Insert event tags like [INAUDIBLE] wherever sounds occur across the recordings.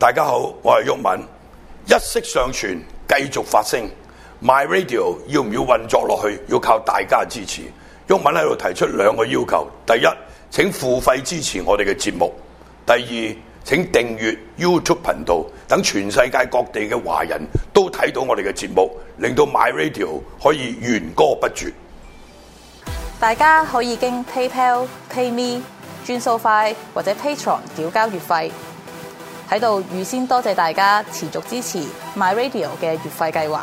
大家好，我係毓民，一息尚存，繼續發聲。My Radio 要唔要運作落去？要靠大家支持。毓民喺度提出兩個要求：第一，請付費支持我哋嘅節目；第二，請訂閱 YouTube 頻道，等全世界各地嘅華人都睇到我哋嘅節目，令到 My Radio 可以源歌不絕。大家可以經 PayPal、PayMe 轉數快，或者 Patreon 繳交月費。喺度預先多謝大家持續支持 My Radio 嘅月費計劃。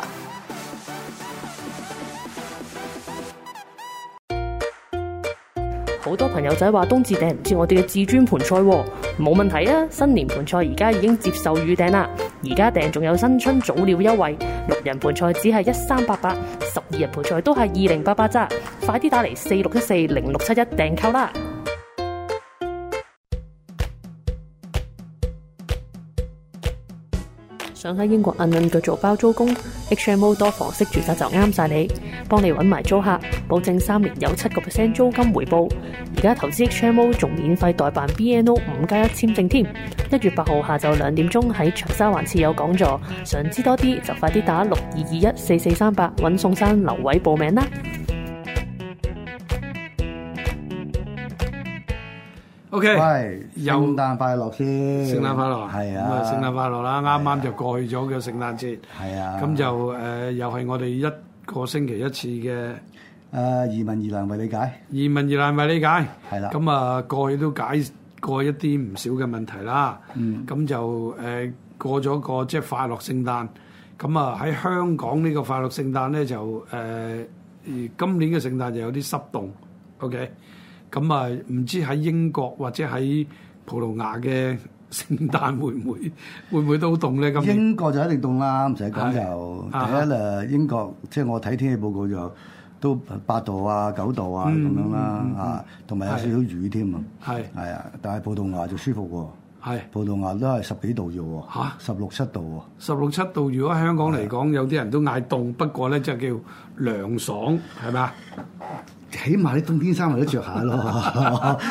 好多朋友仔話冬至訂唔切我哋嘅至尊盤菜喎，冇問題啊！新年盤菜而家已經接受預訂啦，而家訂仲有新春早鳥優惠，六人盤菜只係一三八八，十二人盤菜都係二零八八咋，快啲打嚟四六一四零六七一訂購啦！想喺英國硬硬腳做包租公，HMO 多房式住宅就啱晒你，幫你揾埋租客，保證三年有七個 percent 租金回報。而家投資 HMO 仲免費代辦 BNO 五加一簽證添。一月八號下晝兩點鐘喺長沙灣設有講座，想知多啲就快啲打六二二一四四三八揾宋生劉偉報名啦。O.K.，又聖誕快樂先，聖誕快樂，係啊，聖誕快樂啦！啱啱就過去咗嘅聖誕節，係啊，咁就誒又係我哋一個星期一次嘅誒移民疑難為您解，移民疑難為您解，係啦。咁啊過去都解過一啲唔少嘅問題啦，嗯，咁就誒過咗個即係快樂聖誕，咁啊喺香港呢個快樂聖誕咧就誒，而今年嘅聖誕就有啲濕凍，O.K. 咁啊，唔、嗯、知喺英國或者喺葡萄牙嘅聖誕會唔會會唔會都好凍咧？咁英國就一定凍啦，唔使講就第一誒、啊、英國，即係我睇天氣報告就都八度啊、九度啊咁、嗯、樣啦嚇，同埋有少少雨添啊。係係啊，的但係葡萄牙就舒服喎。的葡萄牙都係十幾度啫喎。十六七度喎。十六七度、嗯，如果香港嚟講，是的 有啲人都嗌凍，不過咧即係叫涼爽，係咪？起碼啲冬天衫咪都着下咯，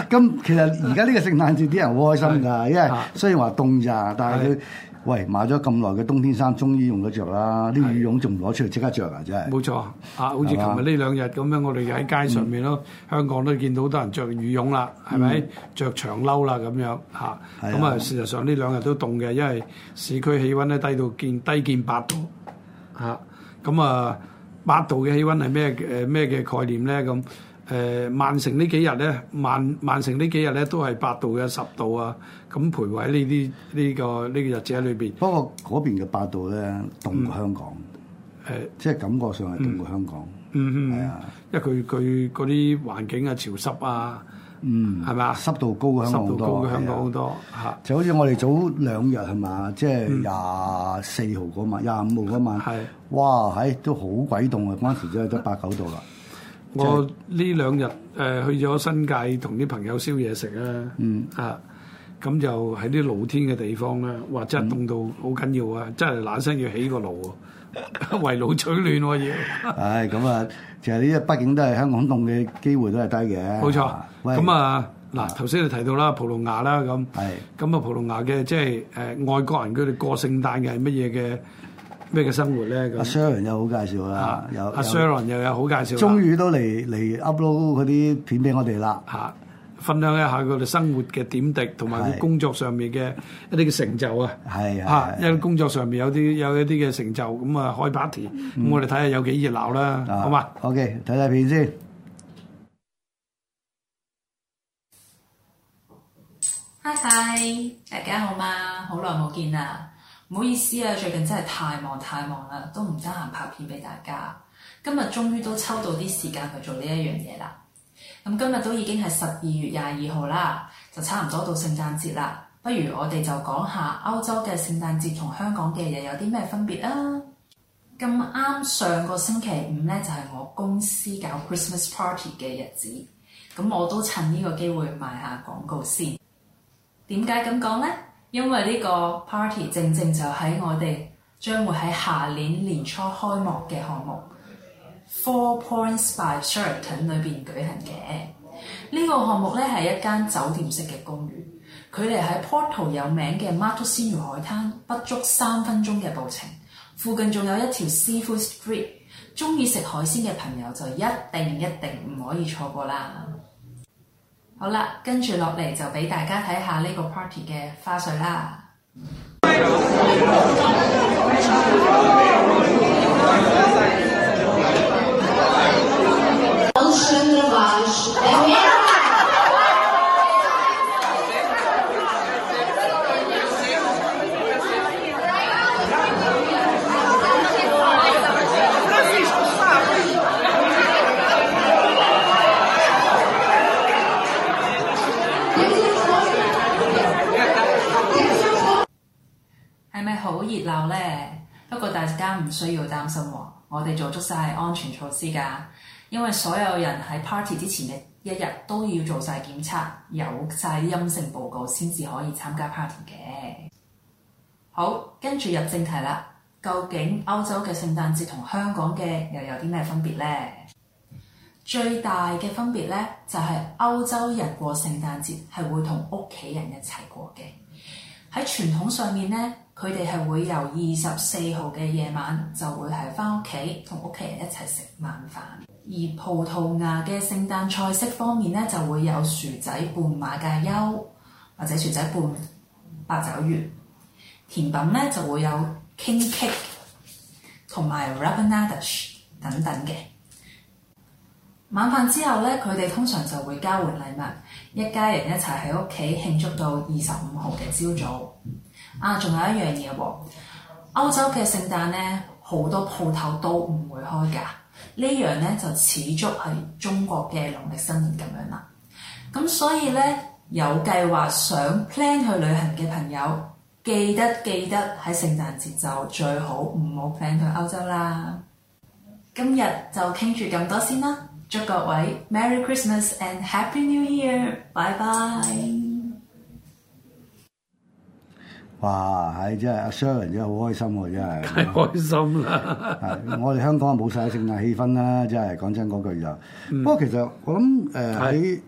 咁 [LAUGHS] 其實而家呢個聖誕節啲人好開心㗎，的因為雖然話凍咋，但係佢的喂買咗咁耐嘅冬天衫，終於用得着啦，啲羽的絨仲唔攞出嚟即刻着啊！真係冇錯啊！好似琴日呢兩日咁樣，我哋喺街上面咯，香港都見到好多人着羽絨啦，係咪的？着長褸啦咁樣嚇，咁啊事實上呢兩日都凍嘅，因為市區氣温咧低到見低見八度。嚇，咁啊～、嗯嗯嗯呃八度嘅氣温係咩？誒咩嘅概念咧？咁、呃、誒，曼城呢幾日咧，曼曼城呢幾日咧都係八度嘅十度啊！咁徘徊喺呢啲呢個呢、呢個日子喺裏邊。不過嗰邊嘅八度咧，凍過香港。誒、嗯，呃、即係感覺上係凍過香港嗯。嗯哼，係啊、哎呀，因為佢佢嗰啲環境啊，潮濕啊。嗯，係嘛？濕度高嘅香港好多，係就好似我哋早兩日係嘛，即係廿四號嗰晚，廿五號嗰晚，係哇，係都好鬼凍啊！嗰陣時真係得八九度啦。我呢兩日誒去咗新界同啲朋友燒嘢食啊，嗯啊，咁就喺啲露天嘅地方咧，哇！真係凍到好緊要啊，真係冷身要起個爐喎。為爐取暖喎要，唉，咁 [LAUGHS] 啊、 [LAUGHS] 哎，其實呢啲畢竟都係香港凍嘅機會都係低嘅。冇錯錯，咁啊，嗱、嗯，頭先你提到啦，葡萄牙啦咁，係，咁啊的，葡萄牙嘅即係誒，外國人佢哋過聖誕嘅係乜嘢嘅咩嘅生活咧？咁阿 Sharon 有好介紹啦，的有阿 Sharon 有又有好介紹，終於都嚟嚟 upload 嗰啲片俾我哋啦，吓。分享一下佢哋生活嘅點滴，同埋佢工作上面嘅一啲嘅成就啊！係啊，因為工作上面有啲有一啲嘅成就，咁啊開 party，咁我哋睇下有幾熱鬧啦，好嘛？OK，睇睇片先。Hi，Hi，大家好嘛？好耐冇見啦，唔好意思啊，最近真係太忙太忙啦，都唔得閒拍片俾大家。今日終於都抽到啲時間去做呢一樣嘢啦。咁今日都已經係十二月廿二號啦，就差唔多到聖誕節啦。不如我哋就講下歐洲嘅聖誕節同香港嘅嘢有啲咩分別啊？咁啱上個星期五呢，就係我公司搞 Christmas party 嘅日子，咁我都趁呢個機會賣下廣告先。點解咁講呢？因為呢個 party 正正就喺我哋將會喺下年年初開幕嘅項目。Four Points by Sheraton 裏邊舉行嘅呢個項目咧，係一間酒店式嘅公寓，距離喺 Porto 有名嘅 Matosinhos 海灘不足三分鐘嘅步程，附近仲有一條 Seafood Street，中意食海鮮嘅朋友就一定一定唔可以錯過啦！好啦，跟住落嚟就俾大家睇下呢個 party 嘅花絮啦。 [LAUGHS] 熱鬧咧，不過大家唔需要擔心喎，我哋做足晒安全措施㗎。因為所有人喺 party 之前嘅一日都要做晒檢測，有晒陰性報告先至可以參加 party 嘅。好，跟住入正題啦。究竟歐洲嘅聖誕節同香港嘅又有啲咩分別呢？嗯、最大嘅分別呢，就係、是、歐洲人過聖誕節係會同屋企人一齊過嘅。喺傳統上面呢。佢哋係會由二十四號嘅夜晚就會係返屋企同屋企人一齊食晚飯，而葡萄牙嘅聖誕菜式方面咧就會有薯仔伴馬介休或者薯仔伴八爪魚。甜品咧就會有 king cake 同埋 rabanadas 等等嘅。晚飯之後咧，佢哋通常就會交換禮物，一家人一齊喺屋企慶祝到二十五號嘅朝早。啊，仲有一樣嘢喎，歐洲嘅聖誕呢，好多鋪頭都唔會開噶。呢樣呢，就始終係中國嘅農曆新年咁樣啦。咁、嗯、所以呢，有計劃想 plan 去旅行嘅朋友，記得記得喺聖誕節就最好唔好 plan 去歐洲啦。今日就傾住咁多先啦，祝各位 Merry Christmas and Happy New Year，拜拜。哇！唉，真係阿 Sharon，真係好開心喎，啊，真係太開心啦！我哋香港冇晒聖誕氣氛啦，啊，真係講真嗰句就。嗯、不過其實我諗誒喺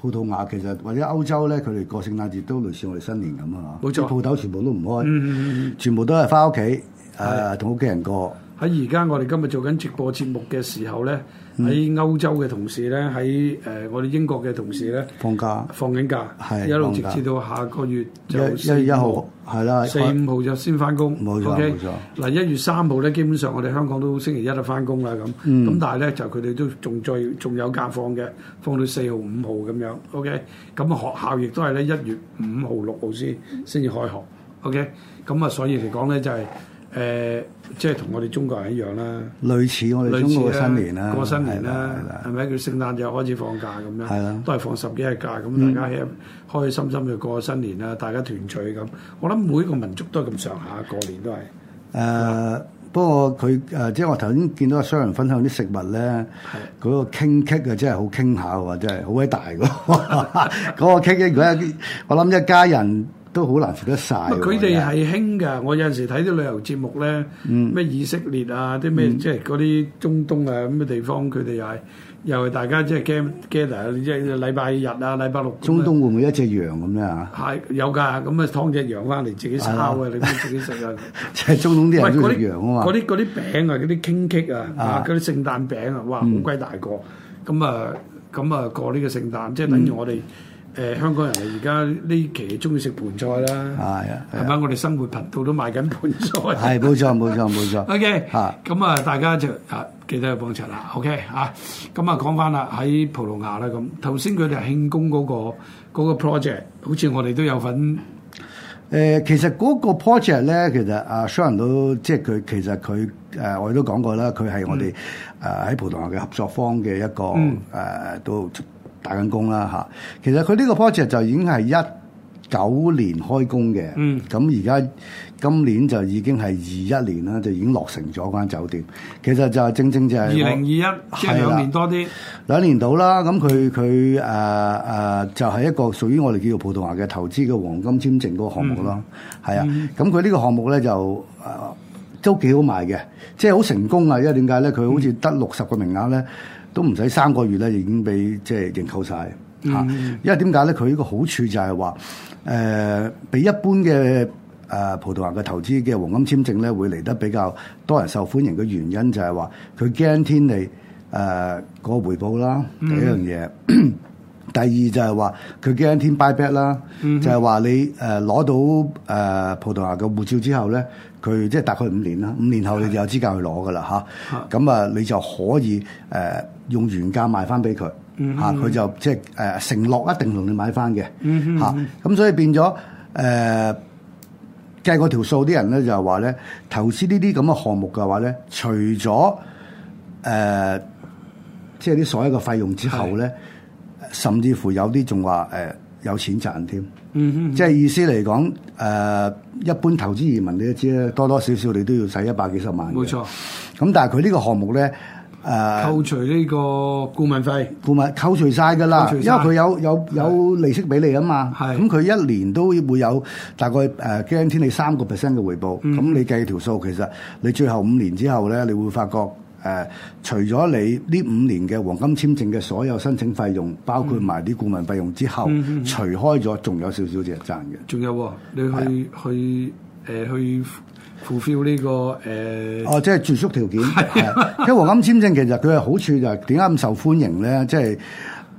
葡萄牙其實或者歐洲咧，佢哋過聖誕節都類似我哋新年咁啊嚇。冇錯，鋪頭全部都唔開，嗯，全部都係翻屋企誒同屋企人過。喺而家我哋今日做緊直播節目嘅時候咧。喺、嗯、歐洲嘅同事咧，喺誒、呃、我哋英國嘅同事咧，放假放緊假，一路直至到下個月就一月一號，係、okay? 啦，四五號就先翻工。冇錯冇錯。嗱一月三號咧，基本上我哋香港都星期一都、嗯、就翻工啦咁。咁但係咧就佢哋都仲再仲有假放嘅，放到四號五號咁樣。OK，咁學校亦都係咧一月五號六號先先至開學。OK，咁啊所以嚟講咧就係、是。就是誒、呃，即係同我哋中國人一樣啦。類似我哋中國嘅新年啦，過新年啦，係咪叫聖誕就開始放假咁樣？係咯，都係放十幾日假，咁大家喺開開心心去過新年啦，大家團聚咁。我諗每一個民族都係咁上下過年都係。誒、呃，不過佢誒，即係我頭先見到阿 Sharon 分享啲食物咧，係嗰的、哦、 [LAUGHS] 個 King Cake 啊，真係好傾下喎，真係好偉大個。嗰個 King Cake，而家我諗一家人，都好難食得晒。佢哋係興㗎，我有陣時睇啲旅遊節目咧，咩以色列啊，啲咩即係嗰啲中東啊咁嘅地方，佢哋又係又係大家即係 gather 即係禮拜日啊、禮拜六。中東會唔會一隻羊咁樣？嚇係有㗎，咁啊劏隻羊翻嚟自己炒啊，你自己食啊。即係中東啲人中意食羊啊嘛。嗰啲啲餅啊，嗰啲傾擊啊，嗰啲聖誕餅啊，哇好鬼大個，咁啊咁啊過呢個聖誕，即係等於我哋。誒、呃、香港人啊，而家呢期中意食盆菜啦，係啊，係嘛？我哋生活頻道都賣緊盆菜，係，冇錯冇錯冇錯。 [LAUGHS] OK 嚇，咁啊，大家就啊記得要幫襯啦。OK 嚇、啊，咁、嗯、啊講翻啦，喺葡萄牙啦咁，頭先佢哋慶功嗰、那個、那個、project，好似我哋都有份。誒、呃，其實嗰個 project 咧，其實啊，Sharon 都即係佢，其實佢誒、呃，我都講過啦，佢係我哋誒喺葡萄牙嘅合作方嘅一個誒、嗯啊啊，都、嗯。嗯打緊工啦嚇，其實佢呢個 project 就已經係一九年開工嘅，咁而家今年就已經係二一年啦，就已經落成咗間酒店。其實就正正就係二零二一，2021, 啦即係兩年多啲，兩年到啦。咁佢佢誒誒就係一個屬於我哋叫做葡萄牙嘅投資嘅黃金簽證嗰個項目咯，係啊。咁佢呢個項目咧就誒都幾好賣嘅，即係好成功啊！因為點解咧？佢好似得六十個名額咧。嗯都唔使三個月咧，已經俾即係認購晒，嚇、嗯。因為點解咧？佢呢個好處就係話，誒、呃，比一般嘅誒、呃、葡萄牙嘅投資嘅黃金簽證咧，會嚟得比較多人受歡迎嘅原因就係話，佢驚天利誒個回報啦，第一、嗯、樣嘢。 [COUGHS] 第二就係話佢 guarantee buy back 啦，嗯、哼就係話你誒攞、呃、到誒、呃、葡萄牙嘅護照之後咧，佢即係大概五年啦，五年後你就有資格去攞噶啦嚇。咁啊、嗯、哼啊，你就可以誒、呃、用原價賣翻俾佢嚇，佢、啊、就即係誒承諾一定同你買翻嘅嚇。咁所以變咗誒計過條數啲人咧就係話咧，投資呢啲咁嘅項目嘅話咧，除咗誒、呃、即係啲所有嘅費用之後咧。的是甚至乎有啲仲話誒有錢賺添，嗯、哼即係意思嚟講誒、呃，一般投資移民你都知啦，多多少少你都要使一百幾十萬。冇錯，咁但係佢呢個項目咧誒，呃、扣除呢個顧問費，顧問扣除晒㗎啦，因為佢有有是有利息俾你啊嘛，咁佢是一年都會有大概誒驚、呃、天地三個 percent 嘅回報，咁你計條數，其實你最後五年之後咧，你會發覺。誒，除咗你呢五年嘅黃金簽證嘅所有申請費用，包括埋啲顧問費用之後， [LAUGHS] 除開咗仲有少少淨係賺嘅，仲有、哦、你去 [LAUGHS] 去誒、呃、去 fulfil 呢個誒、呃、哦，即、就、係、是、住宿條件是、啊啊。因為黃金簽證其實佢嘅好處就係點解咁受歡迎咧？即係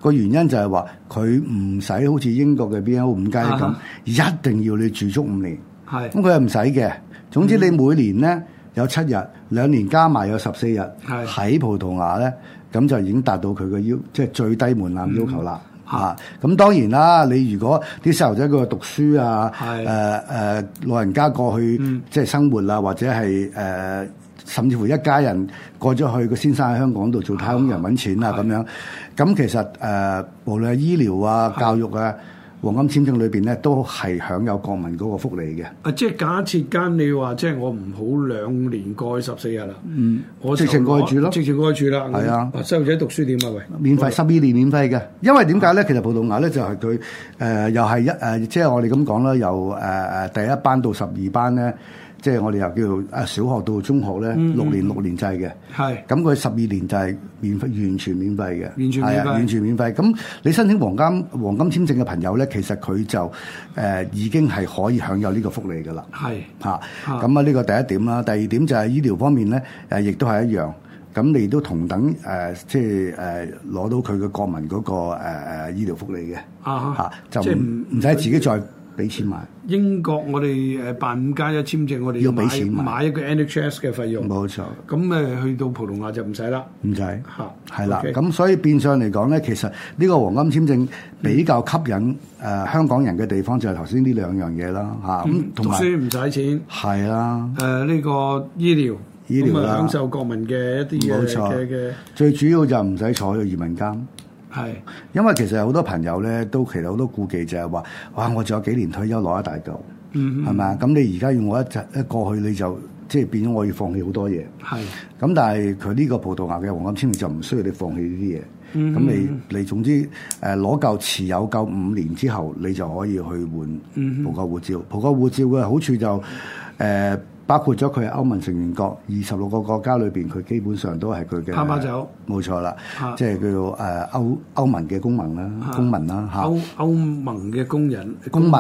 個原因就係話佢唔使好似英國嘅 BNO 五佳咁，啊啊、一定要你住宿五年。係咁佢係唔使嘅。總之你每年咧，嗯嗯有七日，兩年加埋有十四日，喺是的 葡萄牙咧，咁就已經達到佢嘅要即係最低門檻要求啦。嚇咁、嗯啊、當然啦，你如果啲細路仔佢讀書啊，誒誒是的、呃呃、老人家過去、嗯、即係生活啊，或者係誒、呃、甚至乎一家人過咗去，個先生喺香港度做太空人搵錢啊，咁是的 樣咁、啊是的 啊、其實誒、呃、無論係醫療啊、教育啊。黃金簽證裏邊咧，都係享有國民嗰個福利嘅。啊，即係假設間你話，即係我唔好兩年過十四日啦，嗯，我直，我直情過去住咯，直情過去住啦。係啊，細路仔讀書點啊？喂，免費十二年免費嘅，因為點解咧？其實葡萄牙咧就係佢誒，又係一誒、呃，即係我哋咁講啦，由誒誒、呃、第一班到十二班咧。即係我哋又叫做啊，小學到中學咧，六、嗯嗯、年六年制嘅。係咁佢十二年制免費，完全免費嘅，係啊，完全免費。咁 [NOISE] 你申請黃金黃金簽證嘅朋友咧，其實佢就誒、呃、已經係可以享有呢個福利噶啦，係嚇是。咁啊呢個第一點啦，第二點就係醫療方面咧，誒亦都係一樣。咁你都同等誒、呃，即係誒攞到佢嘅國民嗰、那個誒誒、呃、醫療福利嘅啊嚇，就唔使自己再。俾錢買英國，我哋誒辦五加一簽證，我哋要俾錢買一個 NHS 嘅費用。冇錯，咁誒去到葡萄牙就唔使啦，唔使嚇，係啦。咁所以變相嚟講咧，其實呢個黃金簽證比較吸引誒香港人嘅地方就係頭先呢兩樣嘢啦嚇。咁同埋書唔使錢，係啊誒呢個醫療醫療享受國民嘅一啲嘢，冇錯，最主要就唔使坐喺去移民監。係，因為其實好多朋友咧都其實好多顧忌就係話，哇！我仲有幾年退休攞一大嚿，係咪啊？咁你而家要我一陣一過去你就即係變咗我要放棄好多嘢。係的，咁但係佢呢個葡萄牙嘅黃金簽證就唔需要你放棄呢啲嘢。咁、嗯、哼你你總之誒攞夠持有夠五年之後，你就可以去換葡國護照。嗯、哼葡國護照嘅好處就誒、是。呃包括咗佢係歐盟成員國，二十六個國家裏邊，佢基本上都係佢嘅。潘巴酒冇錯啦，即係叫做誒歐歐盟嘅公民啦，公民啦嚇。歐歐盟嘅工人公民，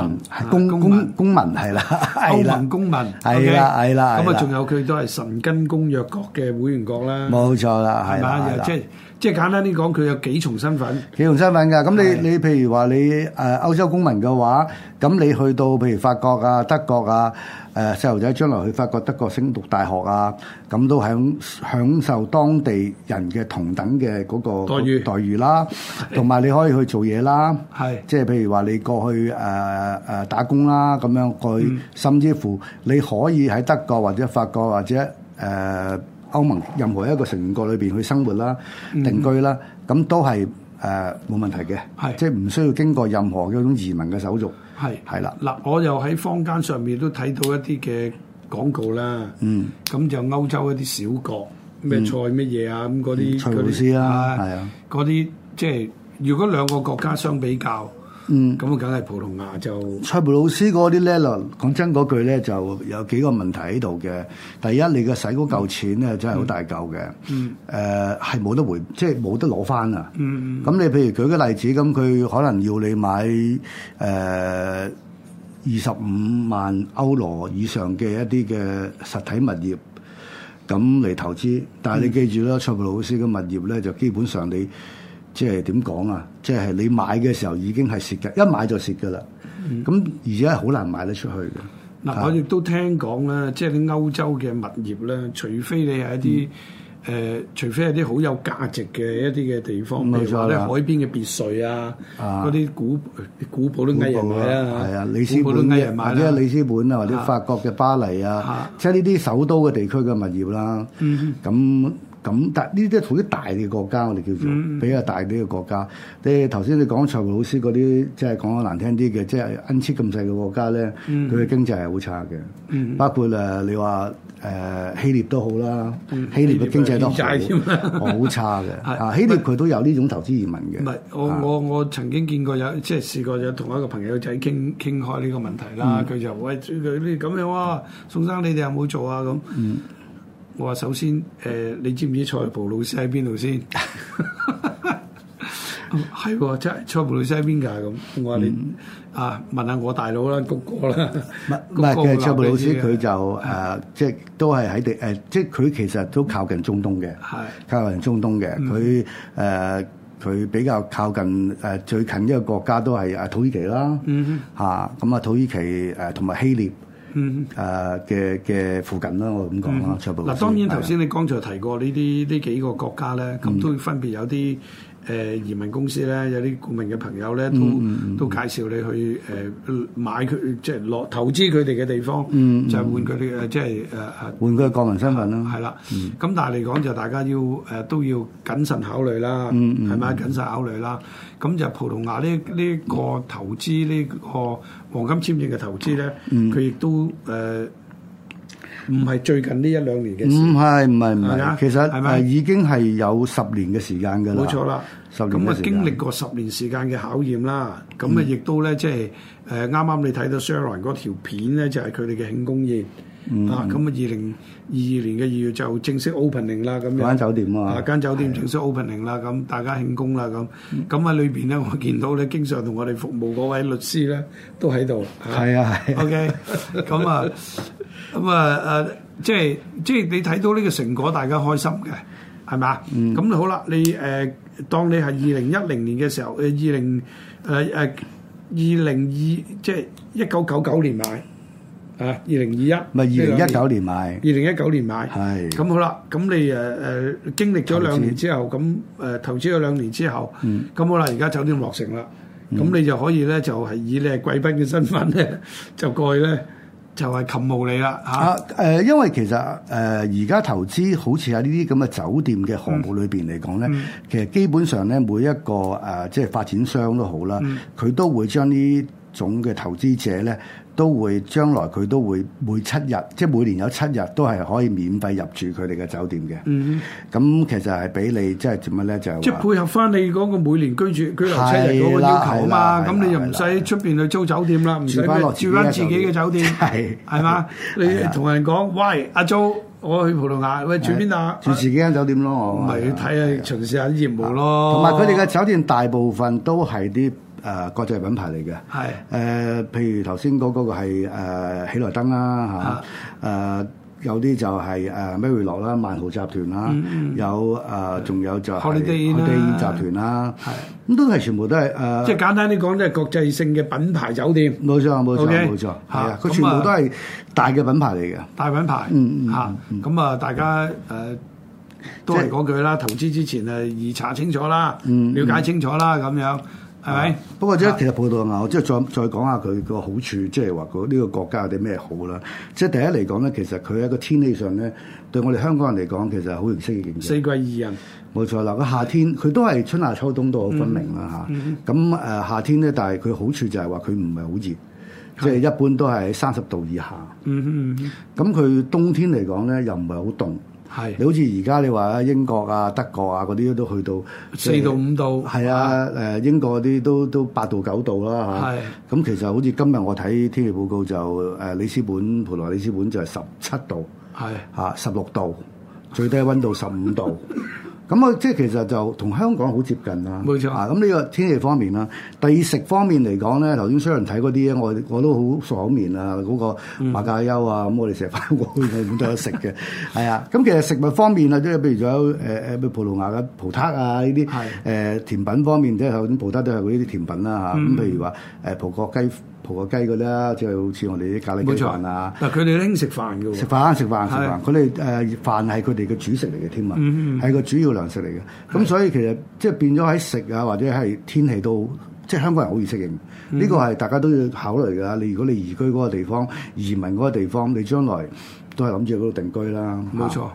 公民公民係啦，歐盟公民係啦係啦。咁啊，仲有佢都係神根公約國嘅會員國啦。冇錯啦，係嘛即係。即係簡單啲講，佢有幾重身份？幾重身份㗎？咁你你譬如話你誒歐洲公民嘅話，咁你去到譬如法國啊、德國啊，誒細路仔將來去法國、德國升讀大學啊，咁都享享受當地人嘅同等嘅嗰個待遇待遇啦。同埋你可以去做嘢啦，係即係譬如話你過去誒誒打工啦咁樣，佢甚至乎你可以喺德國或者法國或者誒。歐盟任何一個成員國裏邊去生活啦、定居啦，咁都係誒冇問題嘅，即係唔需要經過任何一種移民嘅手續。係係啦，嗱，我又喺坊間上面都睇到一啲嘅廣告啦。嗯，咁就歐洲一啲小國咩菜乜嘢啊咁嗰啲菜餚師啦，係啊，嗰啲即係如果兩個國家相比較。嗯，咁啊，梗係葡萄牙就塞布老師嗰啲 level，講真嗰句咧，就有幾個問題喺度嘅。第一，你嘅使嗰嚿錢咧，嗯、真係好大嚿嘅。誒、嗯，係冇、呃、得回，即係冇得攞返啊。咁、嗯、你譬如舉個例子，咁佢可能要你買誒二十五萬歐羅以上嘅一啲嘅實體物業，咁嚟投資。但係你記住啦，塞布老師嘅物業咧，就基本上你。即係點講啊？即係你買嘅時候已經係蝕嘅，一買就蝕噶啦。咁而且好難賣得出去嘅。嗱，我亦都聽講啦，即係啲歐洲嘅物業咧，除非你係一啲誒，除非係啲好有價值嘅一啲嘅地方，譬如話咧海邊嘅別墅啊，嗰啲古古堡都啱人買啦，係啊，里斯本都啱人買呢，或者里斯本啊，或者法國嘅巴黎啊，即係呢啲首都嘅地區嘅物業啦。咁咁但呢啲都係屬於大嘅國家，我哋叫做比較大啲嘅國家。誒頭先你講蔡老師嗰啲，即係講得難聽啲嘅，即係 N 次咁細嘅國家咧，佢嘅經濟係好差嘅。包括誒你話誒希臘都好啦，希臘嘅經濟都好差嘅。啊希臘佢都有呢種投資移民嘅。唔係，我我我曾經見過，有即係試過有同一個朋友仔傾傾開呢個問題啦。佢就喂，佢啲咁樣喎，宋生你哋有冇做啊？咁嗯。我話首先，誒、呃，你知唔知塞浦路斯喺邊度先？係 [LAUGHS] 喎、哦，即係塞浦路斯喺邊㗎咁？我話你、嗯、啊，問下我大佬啦，谷哥啦。唔唔係嘅，塞浦路斯佢就誒、呃，即係都係喺地誒、呃，即係佢其實都靠近中東嘅，嗯、靠近中東嘅。佢誒，佢、呃、比較靠近誒、呃、最近一個國家都係啊土耳其啦，嚇咁、嗯、哼啊、嗯、土耳其誒同埋希臘，嗯，誒嘅嘅附近啦，我咁講啦，嗱，當然頭先你剛才提過呢啲呢幾個國家咧，咁都分別有啲誒移民公司咧，有啲顧問嘅朋友咧，都都介紹你去誒買佢，即係落投資佢哋嘅地方，就換佢啲誒，即係誒換佢國民身份啦，係啦。咁但係嚟講就大家要誒都要謹慎考慮啦，係咪？謹慎考慮啦。咁就葡萄牙呢呢個投資呢個。黃金簽證嘅投資呢，佢亦、嗯、都誒，唔、呃、係最近呢一兩年嘅事。唔係唔係唔係，其實係的、啊、已經係有十年嘅時間㗎啦。冇錯啦。咁啊，經歷過十年時間嘅考驗啦，咁啊，亦都咧，即係誒啱啱你睇到 Sharon 嗰條片咧，就係佢哋嘅慶功宴啊。咁啊，二零二二年嘅二月就正式 opening 啦。咁間酒店啊，間酒店正式 opening 啦，咁大家慶功啦，咁咁喺裏邊咧，我見到咧，經常同我哋服務嗰位律師咧都喺度，係啊，係 OK。咁啊，咁啊，誒，即係即係你睇到呢個成果，大家開心嘅係咪啊？咁好啦，你誒。當你係二零一零年嘅時候，誒二零誒誒、呃、二零二，即係一九九九年買，啊 2021, 二零二一，唔係二零一九年買，二零一九年買，係咁好啦。咁你誒誒、呃、經歷咗兩年之後，咁誒、呃、投資咗兩年之後，咁、嗯、好啦，而家酒店落成啦，咁、嗯、你就可以咧，就係、是、以你係貴賓嘅身份咧，就過去咧。就係冚糊你啦嚇！誒、啊啊呃，因為其實誒而家投資好似喺呢啲咁嘅酒店嘅項目裏邊嚟講咧，嗯、其實基本上咧每一個誒、呃、即係發展商都好啦，佢、嗯、都會將呢。總嘅投資者咧，都會將來佢都會每七日，即係每年有七日都係可以免費入住佢哋嘅酒店嘅。嗯，咁 [NOISE] 其實係俾你即係點樣咧？就係、即係配合翻你嗰個每年居住、居留七日嗰個要求啊嘛。咁啦的你又唔使出邊去租酒店啦，唔使的住翻自己嘅酒店，係係嘛？你同的的人講喂，阿 Joe，我去葡萄牙，喂住邊啊？住自己間酒店咯，係去睇下，巡視下業務咯。同埋佢哋嘅酒店大部分都係啲，誒國際品牌嚟嘅，誒譬如頭先嗰個係喜來登啦嚇，誒有啲就係誒 Marriott 啦，萬豪集團啦，有誒仲有就係 Holiday Inn 集團啦，咁都係全部都係誒。即係簡單啲講，即係國際性嘅品牌酒店。冇錯，冇錯，冇錯，係啊！佢全部都係大嘅品牌嚟嘅，大品牌嚇。咁啊，大家誒都係嗰句啦，投資之前誒要查清楚啦，了解清楚啦，咁樣。係咪？Right? 不過即係其實葡萄牙即係再再講下佢個好處，即係話佢呢個國家有啲咩好啦？即係第一嚟講咧，其實佢喺個天氣上咧，對我哋香港人嚟講，其實好容易適應嘅。四季宜人，冇錯啦。個夏天佢都係春夏秋冬都好分明啦嚇。咁誒、mm hmm. 啊、夏天咧，但係佢好處就係話佢唔係好熱，mm hmm. 即係一般都係三十度以下。咁佢、mm hmm. 冬天嚟講咧，又唔係好凍。係，你好似而家你話啦，英國啊、德國啊嗰啲都去到、就是、四到五度。係啊，誒、呃、英國啲都都八度九度啦嚇。係、啊，咁其實好似今日我睇天氣報告就誒、呃、里斯本，葡萄里斯本就係十七度。係嚇、啊啊，十六度最低溫度十五度。 [LAUGHS] 咁啊，即係其實就同香港好接近啦。冇錯啊，咁呢個天氣方面啦，第二食方面嚟講咧，頭先衰人睇嗰啲，我我都好爽面啊，嗰、嗰個馬介休啊，咁、嗯啊、我哋成日翻過去都都有食嘅，係 [LAUGHS] 啊。咁其實食物方面啊，即係譬如仲有誒誒咩葡萄牙嘅葡撻啊，呢啲誒甜品方面即係頭先葡撻都係嗰啲甜品啦、啊、嚇。咁、啊、譬、嗯嗯、如話誒葡國雞。葡國雞嗰啲啊，即係好似我哋啲咖喱雞飯啊。佢哋拎食飯嘅喎，食飯食飯食飯。佢哋誒飯係佢哋嘅主食嚟嘅添啊，係、嗯、哼個主要糧食嚟嘅。咁的所以其實即係變咗喺食啊，或者係天氣都，即係香港人好易適應。呢個係大家都要考慮㗎。你如果你移居嗰個地方，移民嗰個地方，你將來都係諗住喺嗰度定居啦。冇錯。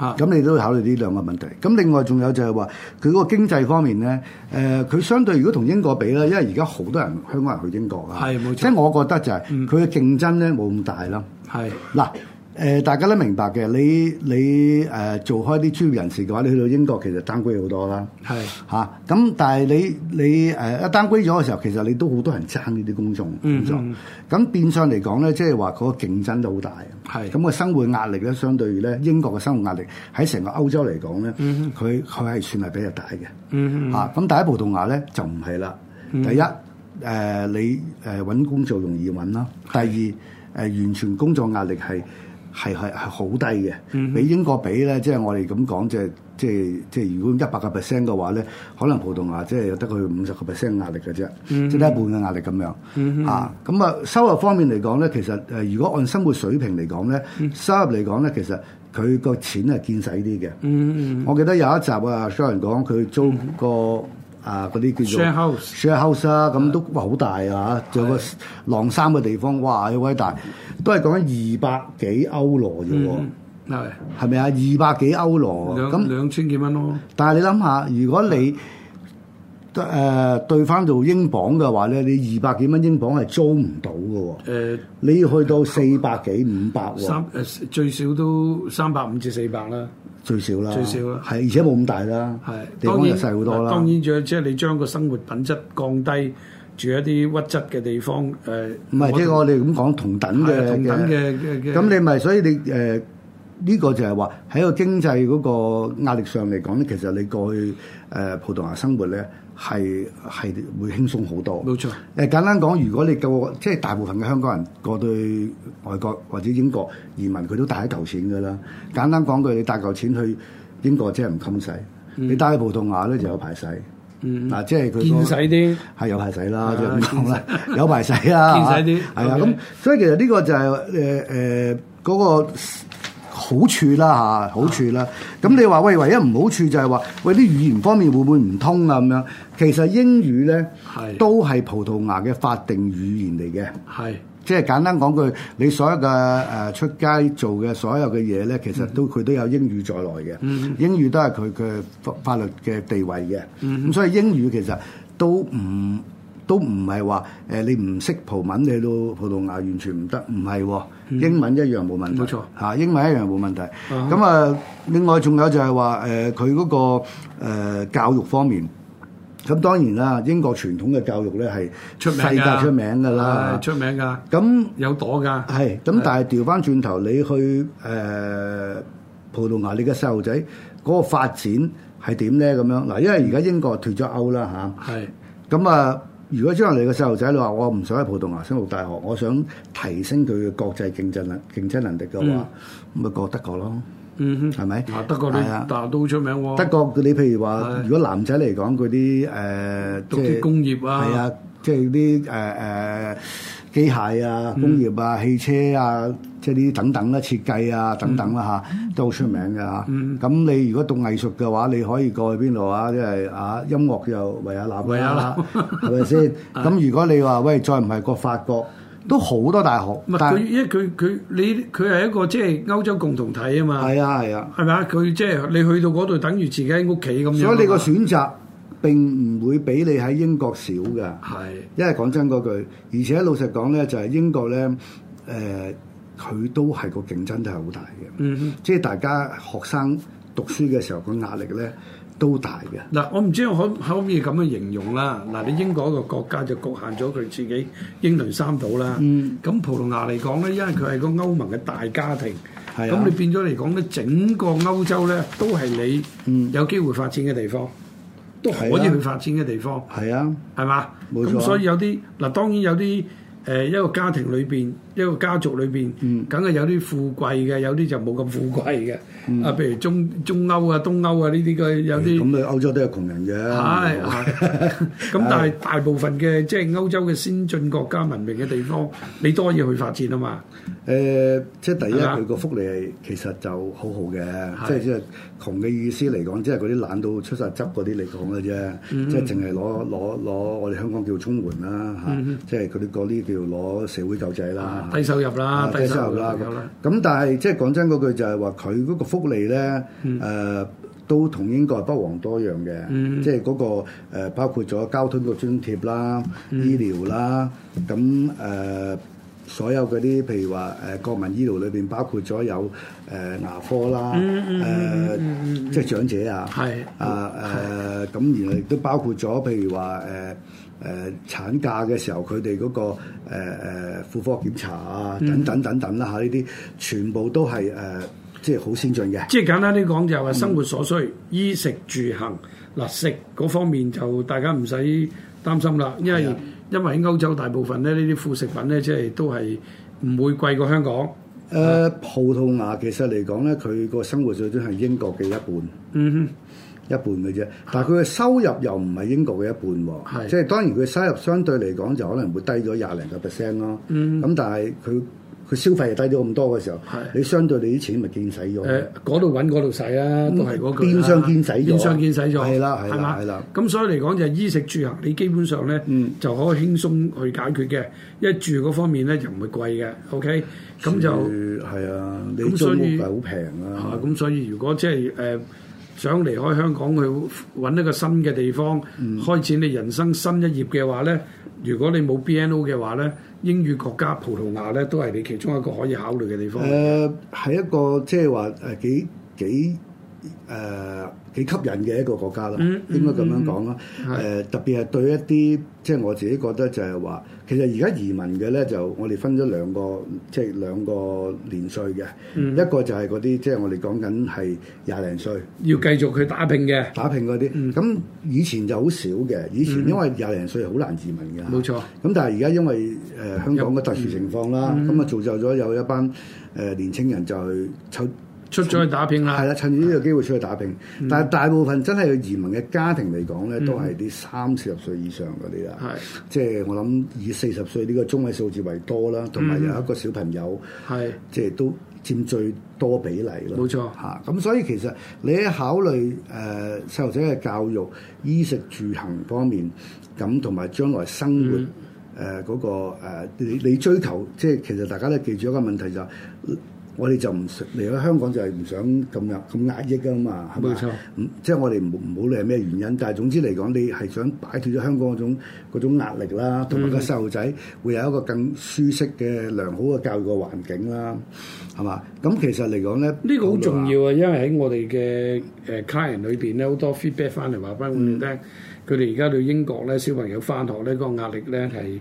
啊！咁你都會考慮呢兩個問題。咁另外仲有就係話佢嗰個經濟方面咧，誒、呃、佢相對如果同英國比咧，因為而家好多人香港人去英國啊，係冇錯，即係我覺得就係佢嘅競爭咧冇咁大咯。係嗱是。誒、呃，大家都明白嘅。你你誒、呃、做開啲專業人士嘅話，你去到英國其實 downgrade 好多啦。係嚇是，咁、啊、但係你你誒 downgrade 咗嘅時候，其實你都好多人爭呢啲工種工作。咁變相嚟講咧，即係話嗰個競爭都好大。係，咁個生活壓力咧，相對咧英國嘅生活壓力喺成個歐洲嚟講咧，佢佢係算係比較大嘅。嚇、嗯，咁、嗯啊、第一葡萄牙咧就唔係啦。第一誒你誒揾工作容易揾啦。第二誒完全工作壓力係。係係係好低嘅，比英國比咧，即係我哋咁講，即係即係即係如果一百個 percent 嘅話咧，可能葡萄牙即係得佢五十個 percent 壓力嘅啫，嗯、哼即係一半嘅壓力咁樣、嗯、哼啊。咁啊，收入方面嚟講咧，其實誒，如果按生活水平嚟講咧，嗯、收入嚟講咧，其實佢個錢係見使啲嘅。嗯嗯、我記得有一集啊，Sharon 講佢租個嗯啊！嗰啲叫做 share house，share house 啊，咁都哇好大啊！仲有個晾衫嘅地方，哇！好偉大，都係講緊二百幾歐羅啫喎，係咪啊？二百幾歐羅，咁兩千幾蚊咯。但係你諗下，如果你得誒兌翻做英鎊嘅話咧，你二百幾蚊英鎊係租唔到嘅喎。誒、呃，你要去到四百幾五百三誒、呃、最少都三百五至四百啦。最少啦。最少啦。係而且冇咁大啦。係是，地方又細好多啦。當然仲即係你將個生活品質降低，住一啲屈質嘅地方誒。唔、呃、係是都即係我哋咁講同等嘅嘅嘅。咁、啊、的你咪所以你誒？呃呢個就係話喺個經濟嗰個壓力上嚟講咧，其實你過去誒葡萄牙生活咧，係係會輕鬆好多。冇錯。誒簡單講，如果你過即係大部分嘅香港人過對外國或者英國移民，佢都帶一嚿錢噶啦。簡單講句，你帶嚿錢去英國即係唔襟使，你帶去葡萄牙咧就有排使。嗯。嗱，即係佢。襟使啲。係有排使啦，即係點講咧？有排使啦，使啲。係啊，咁所以其實呢個就係誒誒嗰個。好處啦嚇，好處啦。咁你話喂，唯，唯一唔好處就係、是、話喂啲語言方面會唔會唔通啊？咁樣其實英語咧是都係葡萄牙嘅法定語言嚟嘅，是即係簡單講句，你所有嘅誒、呃、出街做嘅所有嘅嘢咧，其實都佢都有英語在內嘅，嗯嗯英語都係佢嘅法律嘅地位嘅，咁、嗯嗯嗯、所以英語其實都唔。都唔係話誒，你唔識葡文你到葡萄牙完全唔得，唔係、哦嗯、英文一樣冇問題。冇錯，嚇、啊、英文一樣冇問題。咁啊，嗯嗯、另外仲有就係話誒，佢、呃、嗰、嗰個、呃、教育方面，咁當然啦，英國傳統嘅教育咧係世界出名㗎啦，出名㗎。咁那有朵㗎，係咁，但係調翻轉頭你去誒、呃、葡萄牙，你嘅細路仔嗰個發展係點咧？咁樣嗱，因為而家英國脫咗歐啦嚇，係咁啊。如果將來你個細路仔，你話我唔想喺葡萄牙升讀大學，我想提升佢嘅國際競爭能競爭能力嘅話，咁咪過德國咯，係咪、嗯哼？啊吧，德國你但係都好出名喎、哦。德國你譬如話，是如果男仔嚟講，佢啲誒即係工業啊，即係啲誒誒機械啊、工業啊、嗯、汽車啊。即係呢啲等等啦，設計啊，等等啦、啊、嚇，都好出名嘅嚇、啊。咁、嗯、你如果讀藝術嘅話，你可以過去邊度啊？即係啊，音樂又維也納，係咪先？咁如果你話喂，再唔係個法國，都好多大學。但係佢，因為佢佢你佢係一個即係歐洲共同體啊嘛。係啊係啊，係咪啊？佢即係你去到嗰度，等於自己喺屋企咁樣。所以你個選擇並唔會比你喺英國少嘅。係的，因為講真嗰句，而且老實講咧，就係、是、英國咧，誒、嗯。嗯嗯嗯嗯嗯佢都係個競爭都係好大嘅，嗯、哼即係大家學生讀書嘅時候個壓力咧都大嘅。嗱、嗯，嗯嗯、我唔知可可唔可以咁樣形容啦。嗱，你英國一個國家就局限咗佢自己英倫三島啦。咁葡萄牙嚟講咧，因為佢係個歐盟嘅大家庭，咁、啊、你變咗嚟講咧，整個歐洲咧都係你有機會發展嘅地方，嗯、都可以去發展嘅地方。係啊，係嘛吧？冇錯。所以有啲嗱，當然有啲誒、呃呃呃、一個家庭裏邊。一個家族裏邊，梗係有啲富貴嘅，有啲就冇咁富貴嘅。嗯、啊，譬如中中歐啊、東歐啊呢啲嘅，些有啲咁你歐洲都有窮人嘅，係，咁但係大部分嘅即係歐洲嘅先進國家文明嘅地方，你都可以去發展啊嘛。誒、嗯，即係第一佢個福利其實就好好嘅，即係即係窮嘅意思嚟講，即係嗰啲懶到出晒汁嗰啲嚟講嘅啫，即係淨係攞攞攞我哋香港叫綜援啦嚇，即係佢哋嗰啲叫攞社會救濟啦。嗯嗯。低收入啦，低收入啦咁。但係即係講真嗰句就係話，佢嗰個福利咧，誒都同英國係不遑多樣嘅。即係嗰個包括咗交通嘅津貼啦、醫療啦，咁誒所有嗰啲譬如話誒國民醫療裏邊包括咗有誒牙科啦，誒即係長者啊，係啊誒咁而亦都包括咗譬如話誒。誒、呃、產假嘅時候，佢哋嗰個誒誒婦科檢查啊，等等等等啦嚇，呢啲全部都係誒、呃、即係好先進嘅。即係簡單啲講，就係話生活所需，衣、嗯、食住行，嗱、呃、食嗰方面就大家唔使擔心啦，因為、啊、因為喺歐洲大部分咧，呢啲副食品咧，即係都係唔會貴過香港。誒、呃、葡萄牙其實嚟講咧，佢個生活水準係英國嘅一半。嗯哼。一半嘅啫，但係佢嘅收入又唔係英國嘅一半喎。係，即係當然佢嘅收入相對嚟講就可能會低咗廿零個 percent 咯。嗯，咁但係佢佢消費又低咗咁多嘅時候，係你相對你啲錢咪見使咗。誒，嗰度揾嗰度使啊，都係嗰句啦。變相見使咗，係啦，係嘛，係啦。咁所以嚟講就係衣食住行，你基本上咧就可以輕鬆去解決嘅。因為住嗰方面咧就唔會貴嘅。OK，咁就係啊，你租屋係好平啊。咁所以如果即係誒。想離開香港去搵一個新嘅地方，嗯、開展你人生新一頁嘅話呢？如果你冇 BNO 嘅話呢，英語國家葡萄牙呢，都係你其中一個可以考慮嘅地方。誒、呃，係一個即係話誒幾幾誒。呃幾吸引嘅一個國家啦，嗯嗯、應該咁樣講啦。誒是、呃、特別係對一啲即係我自己覺得就係話，其實而家移民嘅咧就我哋分咗兩個，即、就、係、是、兩個年歲嘅。嗯、一個就係嗰啲即係我哋講緊係廿零歲，要繼續去打拼嘅，打拼嗰啲。咁、嗯、以前就好少嘅，以前因為廿零歲好難移民嘅。冇、嗯、錯。咁但係而家因為誒、呃、香港嘅特殊情況啦，咁啊、嗯嗯嗯、造就咗有一班誒、呃呃、年輕人就去抽。青青青出咗去打拼啦，係啦、啊，趁住呢個機會出去打拼。是但係大部分真係移民嘅家庭嚟講咧，嗯、都係啲三四十歲以上嗰啲啦。係是，即係我諗以四十歲呢個中位數字為多啦，同埋、嗯、有一個小朋友，係即係都佔最多比例啦。冇錯嚇，咁、啊、所以其實你喺考慮誒細路仔嘅教育、衣食住行方面，咁同埋將來生活誒嗰、嗯呃那個、呃、你你追求，即係其實大家都記住一個問題就係、是。我哋就唔嚟咗香港就，就係唔想咁壓咁壓抑噶嘛，係咪？冇錯，嗯、即係我哋唔唔好理係咩原因，但係總之嚟講，你係想擺脫咗香港嗰種嗰種壓力啦，同埋個細路仔會有一個更舒適嘅良好嘅教育嘅環境啦，係嘛？咁其實嚟講咧，呢個好重要啊，嗯、因為喺我哋嘅誒客人裏邊咧，好多 feedback 翻嚟話翻我哋聽，佢哋而家去英國咧，小朋友翻學咧，嗰、嗰個壓力咧係。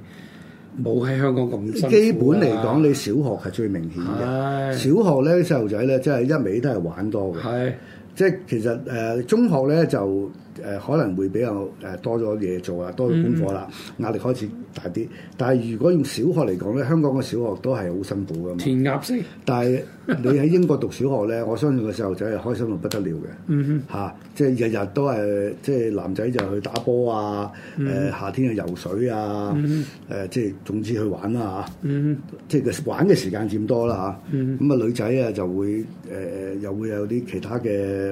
冇喺香港咁，基本嚟講，啊、你小學係最明顯嘅是的。小學咧，細路仔咧，即係一味都係玩多嘅。是的 即係其實誒、呃，中學咧就。誒、呃、可能會比較誒多咗嘢做啊，多咗功課啦，mm hmm. 壓力開始大啲。但係如果用小學嚟講咧，香港嘅小學都係好辛苦㗎嘛。填鴨式。 [LAUGHS] 但係你喺英國讀小學咧，我相信個細路仔係開心到不得了嘅。嗯哼、mm。嚇、hmm. 啊，即係日日都係即係男仔就去打波啊，誒、呃、夏天去游水啊，誒、mm hmm. 呃、即係總之去玩啦、啊、嚇。Mm hmm. 即係玩嘅時間佔多啦嚇。咁啊，啊、嗯嗯嗯、女仔啊就會誒誒、呃、又會有啲其他嘅誒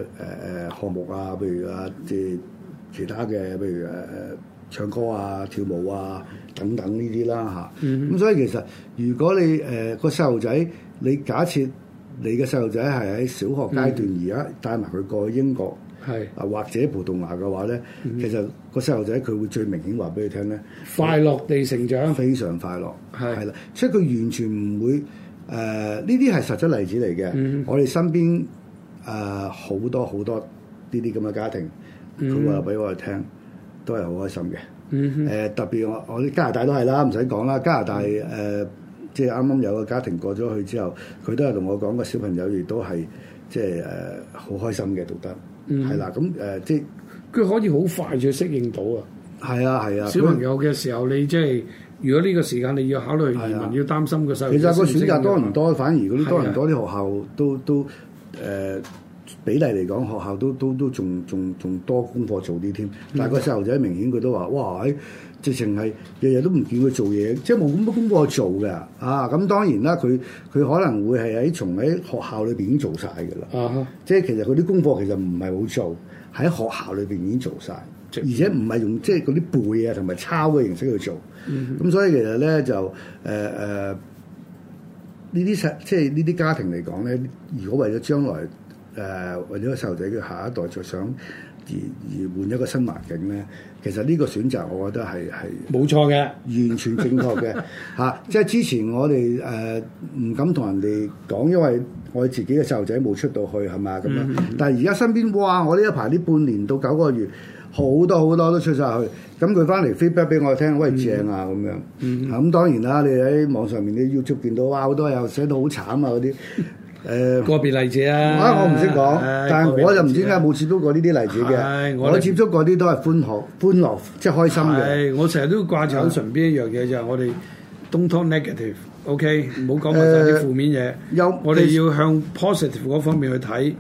誒項目啊，譬如啊即係。其他嘅，譬如誒唱歌啊、跳舞啊等等呢啲啦吓，咁所以其實如果你誒個細路仔，你假設你嘅細路仔係喺小學階段，而家帶埋佢過去英國，係啊或者葡萄牙嘅話咧，其實個細路仔佢會最明顯話俾你聽咧，快樂地成長，非常快樂，係啦，所以佢完全唔會誒呢啲係實質例子嚟嘅，我哋身邊誒好多好多呢啲咁嘅家庭。佢話俾我哋聽，都係好開心嘅。誒、呃、特別我我啲加拿大都係啦，唔使講啦。加拿大誒、呃、即係啱啱有個家庭過咗去之後，佢都係同我講個小朋友亦都係即係誒好開心嘅讀得，係啦。咁誒、呃、即係佢可以好快就適應到啊。係啊係啊。啊小朋友嘅時候，你即係如果呢個時間你要考慮移民，啊、要擔心個時候。其實個選擇多唔多？啊、反而如果多人多啲學校都都誒。都呃比例嚟講，學校都都都仲仲仲多功課做啲添，但係個細路仔明顯佢都話：哇！哎、直情係日日都唔見佢做嘢，即係冇咁多功課做嘅。啊，咁當然啦，佢佢可能會係喺從喺學校裏邊已經做晒㗎啦。啊、哈即係其實佢啲功課其實唔係好做，喺學校裏邊已經做晒，是而且唔係用即係嗰啲背啊同埋抄嘅形式去做。咁、嗯、哼所以其實咧就誒誒，呢啲細即係呢啲家庭嚟講咧，如果為咗將來，誒為咗個細路仔嘅下一代着想而而換一個新環境咧，其實呢個選擇我覺得係係冇錯嘅，完全正確嘅嚇、 [LAUGHS] 啊。即係之前我哋誒唔敢同人哋講，因為我自己嘅細路仔冇出到去係嘛，咁樣。嗯嗯但係而家身邊哇，我呢一排呢半年到九個月好多好多，多都出晒去。咁佢翻嚟 feedback 俾我聽，喂，正啊咁樣。咁當然啦，你喺網上面，啲 YouTube 見到哇，好多又寫到好慘啊嗰啲。 [LAUGHS] 誒、呃、個別例子啊，啊我唔識講，哎、但係、啊、我就唔知點解冇接觸過呢啲例子嘅。哎、我,我接觸過啲都係歡學歡樂，即係開心嘅、哎。我成日都掛住喺唇邊一樣嘢就係我哋 don't talk negative，OK，、okay? 唔好講 [LAUGHS] 埋啲負面嘢、呃。有，我哋要向 positive 嗰 [LAUGHS] 方面去睇。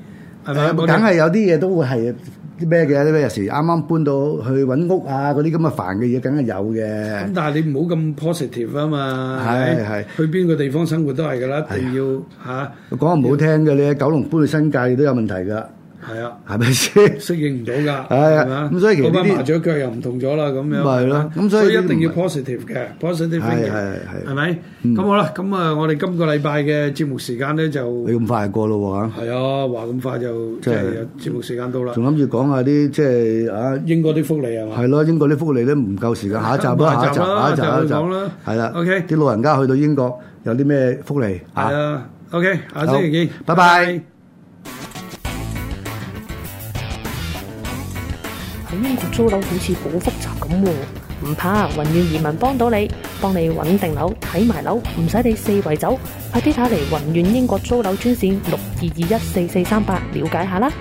梗係、嗯、有啲嘢都會係啲咩嘅啲咩事，有時啱啱搬到去揾屋啊，嗰啲咁嘅煩嘅嘢，梗係有嘅。咁但係你唔好咁 positive 啊嘛。係係的，的去邊個地方生活都係㗎啦，一定要嚇。講唔的、啊、好聽嘅，要你喺九龍搬去新界都有問題㗎。係啊，係咪先適應唔到㗎？係啊，係啊，咁所以其實啲麻雀腳又唔同咗啦，咁樣咪係囉。咁所以一定要 positive 嘅，positive 嘅，係係係，係咪？咁好啦，咁啊，我哋今個禮拜嘅節目時間呢就你咁快過囉，係啊，話咁快就即係節目時間到啦。仲諗住講下啲即係啊英國啲福利啊嘛？係囉，英國啲福利呢唔夠時間，下一集啦，下一集，下一集講啦，係啦。OK，啲老人家去到英國有啲咩福利？係啊，OK，下星期見，拜拜。租樓好似好複雜咁喎，唔怕，宏願移民幫到你，幫你揾定樓、睇埋樓，唔使你四圍走，快啲打嚟宏願英國租樓專線六二二一四四三八了解下啦。